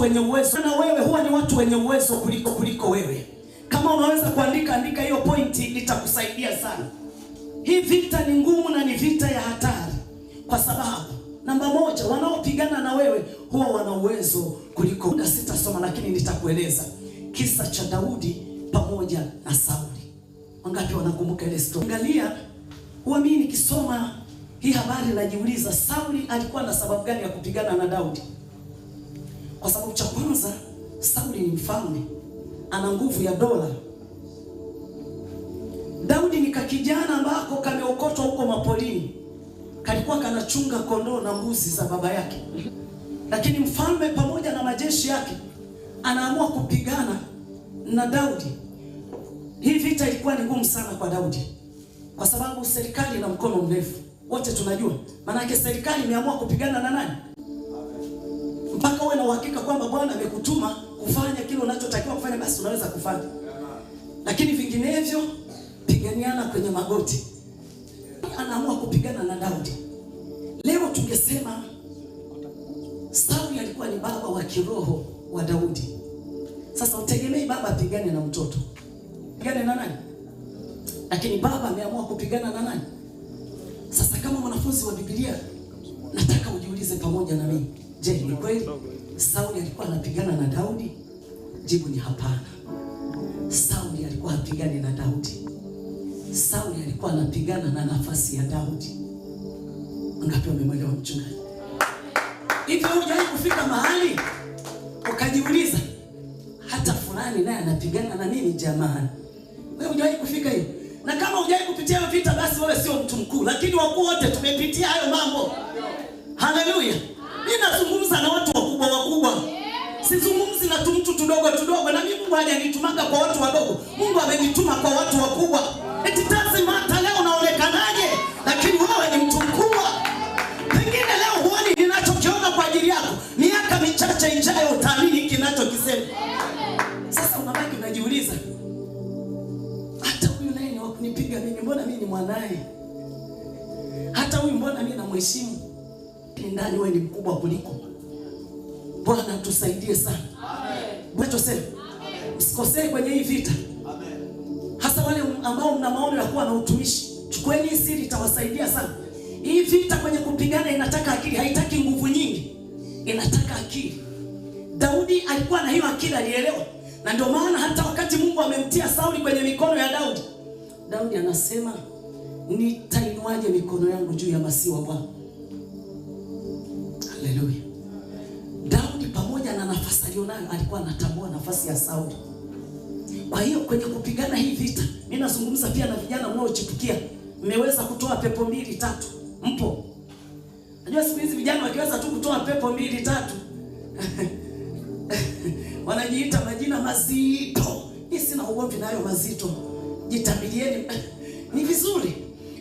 watu wenye uwezo, na wewe huwa ni watu wenye uwezo kuliko kuliko wewe. Kama unaweza kuandika, andika hiyo pointi, itakusaidia sana. Hii vita ni ngumu na ni vita ya hatari, kwa sababu namba moja, wanaopigana na wewe huwa wana uwezo kuliko. Na sitasoma lakini nitakueleza kisa cha Daudi pamoja na Sauli. Wangapi wanakumbuka ile story? Angalia, huwa mimi nikisoma hii habari najiuliza, Sauli alikuwa na sababu gani ya kupigana na Daudi? Kwa sababu cha kwanza, Sauli ni mfalme, ana nguvu ya dola. Daudi ni kakijana ambako kameokotwa huko mapolini, kalikuwa kanachunga kondoo na mbuzi za baba yake, lakini mfalme pamoja na majeshi yake anaamua kupigana na Daudi. Hii vita ilikuwa ni ngumu sana kwa Daudi, kwa sababu serikali ina mkono mrefu, wote tunajua. Maanake serikali imeamua kupigana na nani? mpaka uwe na uhakika kwamba Bwana amekutuma kufanya kile unachotakiwa kufanya, basi unaweza kufanya. Lakini vinginevyo, piganiana kwenye magoti. Anaamua kupigana na Daudi. Leo tungesema Sauli alikuwa ni baba wa kiroho wa Daudi. Sasa utegemei baba apigane na mtoto, pigane na nani? Lakini baba ameamua kupigana na nani? Sasa kama mwanafunzi wa Biblia, nataka ujiulize pamoja na mimi Je, ni kweli Sauli alikuwa anapigana na Daudi? Jibu ni hapana. Sauli alikuwa hapigani na Daudi. Sauli alikuwa anapigana na nafasi ya Daudi. Ngapi wamemwelewa mchungaji? Hivi hujawahi kufika mahali ukajiuliza hata fulani naye anapigana na nini jamani? Wewe hujawahi kufika hiyo? Na kama hujawahi kupitia hiyo vita basi wewe sio mtu mkuu, lakini wakuu wote tumepitia hayo mambo. Haleluya. tudogo tudogo, na mimi Mungu hajanitumaga kwa watu wadogo, Mungu amenituma kwa watu wakubwa. It doesn't matter leo unaonekanaje, lakini wewe ni mtu mkubwa. Pengine leo huoni ninachokiona kwa ajili yako, miaka michache ijayo utaamini kinachokisema. Sasa unabaki unajiuliza, hata huyu naye ni wakunipiga mimi, mbona mimi ni mwanaye? Hata huyu mbona mimi namheshimu? Ndani wewe ni mkubwa kuliko Bwana tusaidie sana mnachosema, usikosee kwenye hii vita. Amen. Hasa wale ambao mna maono ya kuwa na utumishi, chukueni hii siri, itawasaidia sana. Hii vita kwenye kupigana inataka akili, haitaki nguvu nyingi, inataka akili. Daudi alikuwa na hiyo akili, alielewa, na ndio maana hata wakati Mungu amemtia Sauli kwenye mikono ya Daudi, Daudi anasema nitainuaje mikono yangu juu ya masiwa Bwana? Haleluya alivyonayo alikuwa anatambua nafasi ya Sauli. Kwa hiyo kwenye kupigana hii vita, mimi nazungumza pia na vijana mnaochipukia, mmeweza kutoa pepo mbili tatu, mpo? Najua siku hizi vijana wakiweza tu kutoa pepo mbili tatu wanajiita majina mazito. Mimi sina ugomvi nayo mazito, jitabilieni ni vizuri.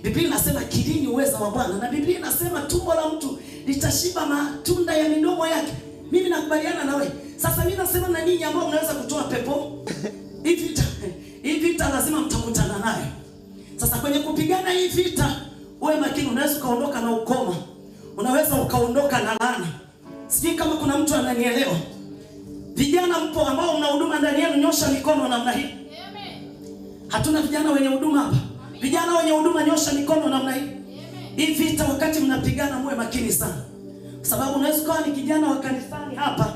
Biblia inasema kilini uweza wa Bwana, na Biblia inasema tumbo la mtu litashiba matunda ya midomo yake. Mimi nakubaliana na wewe sasa mimi nasema na ninyi ambao mnaweza kutoa pepo hii vita, hii vita lazima mtakutana nayo. Sasa kwenye kupigana hii vita, wewe makini, unaweza ukaondoka na ukoma, unaweza ukaondoka na laana. Sijui kama kuna mtu ananielewa. Vijana mpo ambao mna huduma ndani yenu, nyosha mikono namna hii. Hatuna vijana wenye huduma hapa? Vijana wenye huduma, nyosha mikono namna hii. Hii vita, wakati mnapigana, muwe makini sana, kwa sababu unaweza ukawa ni kijana wa kanisani hapa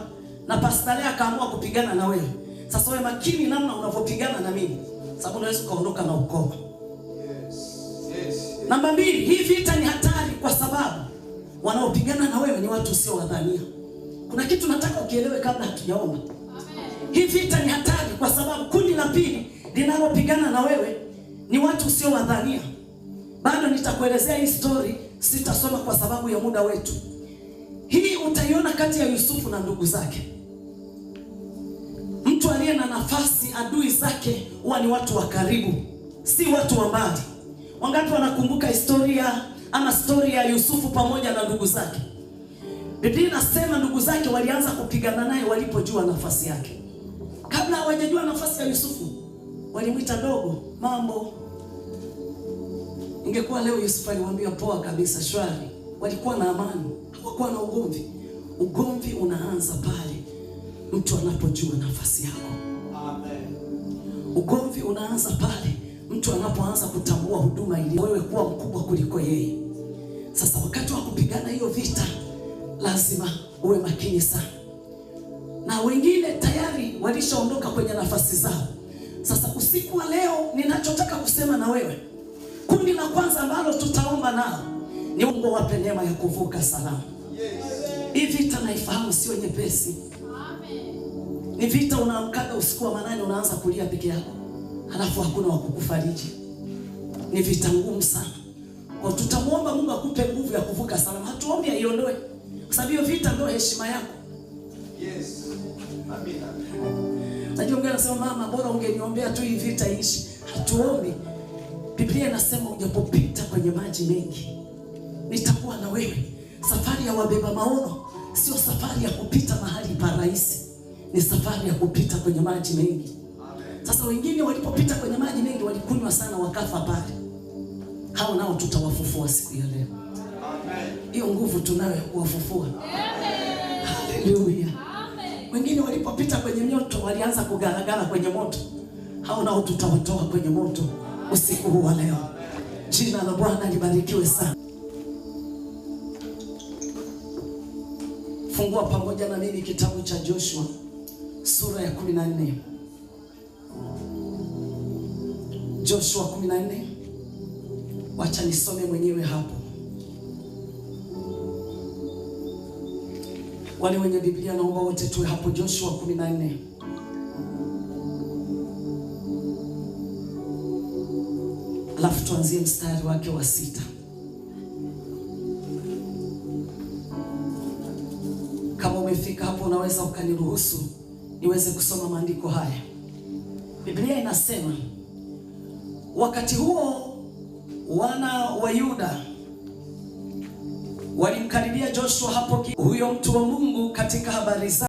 na pastale akaamua kupigana na wewe. Sasa wewe makini namna unavyopigana na mimi, sababu unaweza ukaondoka na ukoma. Yes. Yes. Namba mbili, hii vita ni hatari kwa sababu wanaopigana na wewe ni watu sio wadhania. Kuna kitu nataka ukielewe kabla hatujaomba. Hii vita ni hatari kwa sababu kundi la pili linalopigana na wewe ni watu sio wadhania. Bado nitakuelezea hii story, sitasoma kwa sababu ya muda wetu. Hii utaiona kati ya Yusufu na ndugu zake aliye na nafasi, adui zake huwa ni watu wa karibu, si watu wa mbali. Wangapi wanakumbuka historia ama stori ya Yusufu pamoja na ndugu zake? Biblia inasema ndugu zake walianza kupigana naye walipojua nafasi yake. Kabla hawajajua nafasi ya Yusufu, walimwita dogo, mambo. Ingekuwa leo Yusufu aliwaambia poa kabisa, shwari. Walikuwa na amani, hawakuwa na ugomvi. Ugomvi unaanza pale mtu anapojua nafasi yako. Amen. Ugomvi unaanza pale mtu anapoanza kutambua huduma ili wewe kuwa mkubwa kuliko yeye. Sasa wakati wa kupigana hiyo vita lazima uwe makini sana, na wengine tayari walishaondoka kwenye nafasi zao. Sasa usiku wa leo, ninachotaka kusema na wewe, kundi la kwanza ambalo tutaomba nao ni Mungu wape neema ya kuvuka salama. Yes. Hii vita naifahamu sio nyepesi. Ni vita unaamkaga usiku wa manane unaanza kulia peke yako, halafu hakuna wakukufariji Ni vita ngumu sana. Kwa tutamwomba Mungu akupe nguvu ya kuvuka salama. Hatuombi aiondoe. Kwa sababu hiyo vita ndio heshima yako. Yes. Amina. Najua mgeni anasema mama, bora ungeniombea tu hii vita iishi. Hatuombi. Biblia inasema ujapopita kwenye maji mengi, nitakuwa na wewe. Safari ya wabeba maono sio safari ya kupita mahali pa rahisi, ni safari ya kupita kwenye maji mengi. Sasa wengine walipopita kwenye maji mengi walikunywa sana, wakafa pale. Hao nao tutawafufua siku ya leo. Hiyo nguvu tunayo ya kuwafufua. Haleluya! Wengine walipopita kwenye nyoto walianza kugaragara kwenye moto. Hao nao tutawatoa kwenye moto usiku huu wa leo. Jina la Bwana libarikiwe sana. Fungua pamoja na mimi kitabu cha Joshua sura ya 14. Joshua 14. Wacha nisome mwenyewe hapo. Wale wenye Biblia naomba wote tuwe hapo Joshua 14. Alafu tuanzie mstari wake wa sita. nimefika hapo, unaweza ukaniruhusu niweze kusoma maandiko haya. Biblia inasema wakati huo wana wa Yuda walimkaribia Joshua hapo, huyo mtu wa Mungu katika habari